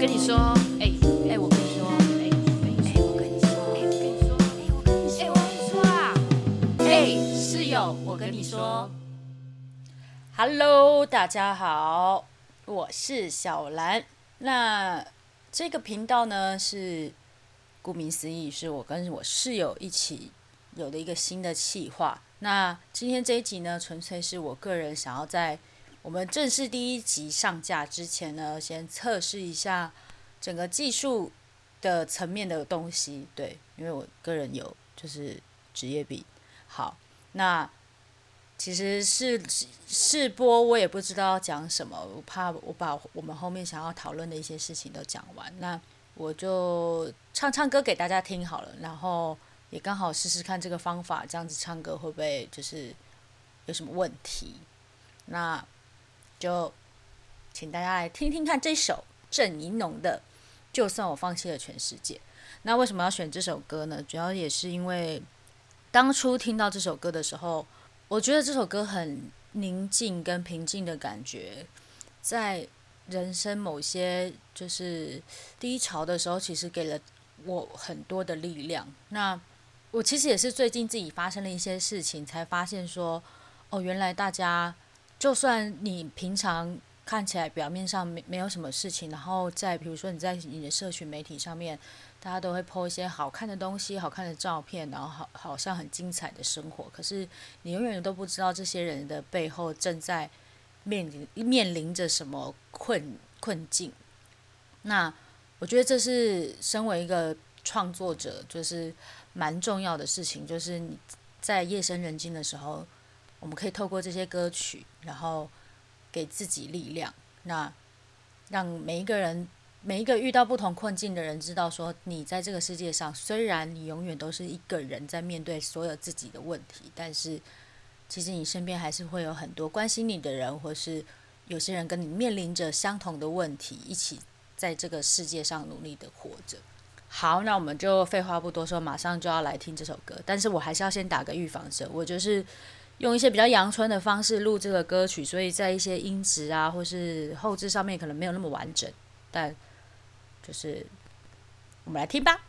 跟你說，哎、欸、哎，我跟你說，哎、欸、哎，我跟你說，哎、欸、我跟你說，哎我跟你說啊，哎室友，我跟你說，Hello，大家好，我是小嵐。那這個頻道呢是顧名思義，是我跟我室友一起有的一個新的計劃。那今天這一集呢，純粹是我個人想要在。我們正式第一集上架之前呢，先測試一下整個技術的層面的東西。對，因為我個人有就是職業病。好，那其實是試播，我也不知道要講什麼，我怕我把我們後面想要討論的一些事情都講完。那我就唱唱歌給大家聽好了，然後也剛好試試看這個方法，這樣子唱歌會不會就是有什麼問題？那。就請大家來聽聽看這首鄭宜農的《就算我放棄了全世界》。那為什麼要選這首歌呢？主要也是因為當初聽到這首歌的時候，我覺得這首歌很寧靜跟平靜的感覺，在人生某些就是低潮的時候，其實給了我很多的力量。那我其實也是最近自己發生了一些事情，才發現說，哦，原來大家。就算你平常看起來表面上沒沒有什麼事情，然後在比如說你在你的社群媒體上面，大家都會 po 一些好看的東西、好看的照片，然後好好像很精彩的生活。可是你永遠都不知道這些人的背後正在面臨面臨着什麼困困境。那我覺得這是身為一個創作者，就是蠻重要的事情，就是你在夜深人靜的時候。我們可以透過這些歌曲，然後給自己力量。那讓每一個人、每一個遇到不同困境的人，知道說：你在這個世界上，雖然你永遠都是一個人在面對所有自己的問題，但是其實你身邊還是會有很多關心你的人，或是有些人跟你面臨着相同的問題，一起在這個世界上努力的活着。好，那我們就廢話不多說，馬上就要來聽這首歌。但是我還是要先打個預防針，我就是。用一些比較陽春的方式錄這個歌曲，所以在一些音質啊，或是後製上面可能沒有那麼完整，但就是我們來聽吧。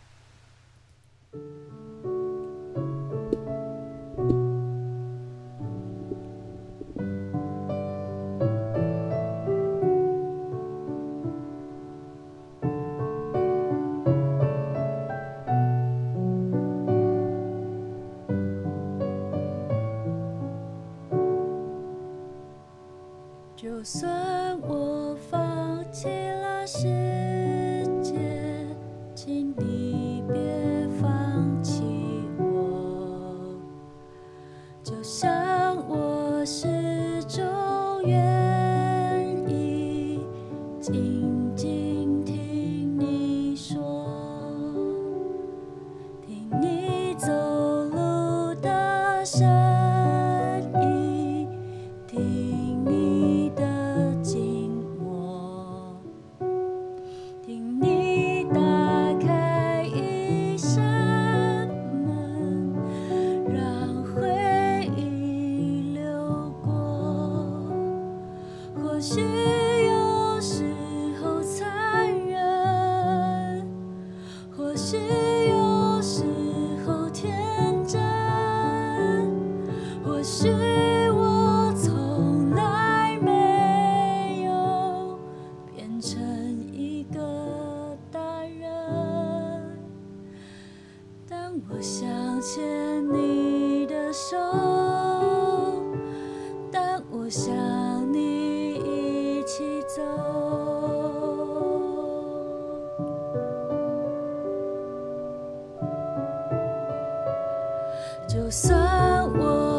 靜靜聽你說，聽你走路的聲音，聽你的靜默，聽你打開一扇門，讓回憶流過。是我從來沒有變成一個大人。當我想牽你的手，當我想你一起走，就算我。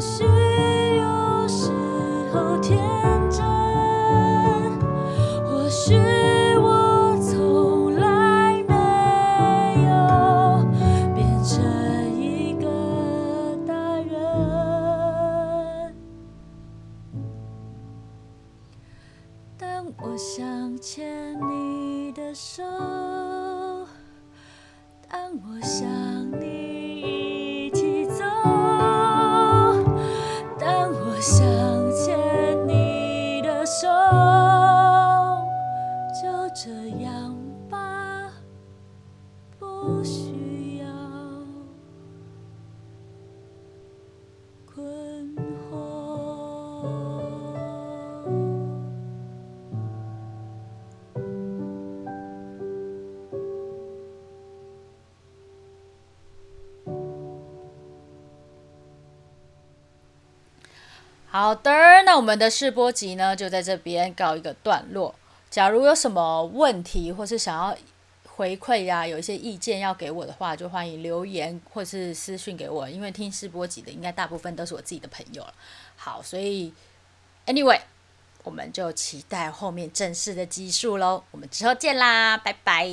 我是養吧，不需要。好的，那我們的試播集呢，就在這邊告一個段落。假如有什麼問題，或是想要回饋呀、啊，有一些意見要給我的話，就歡迎留言或是私訊給我。因為聽試播集的，應該大部分都是我自己的朋友。好，所以 anyway，我們就期待後面正式的集數嘍。我們之後見啦，拜拜。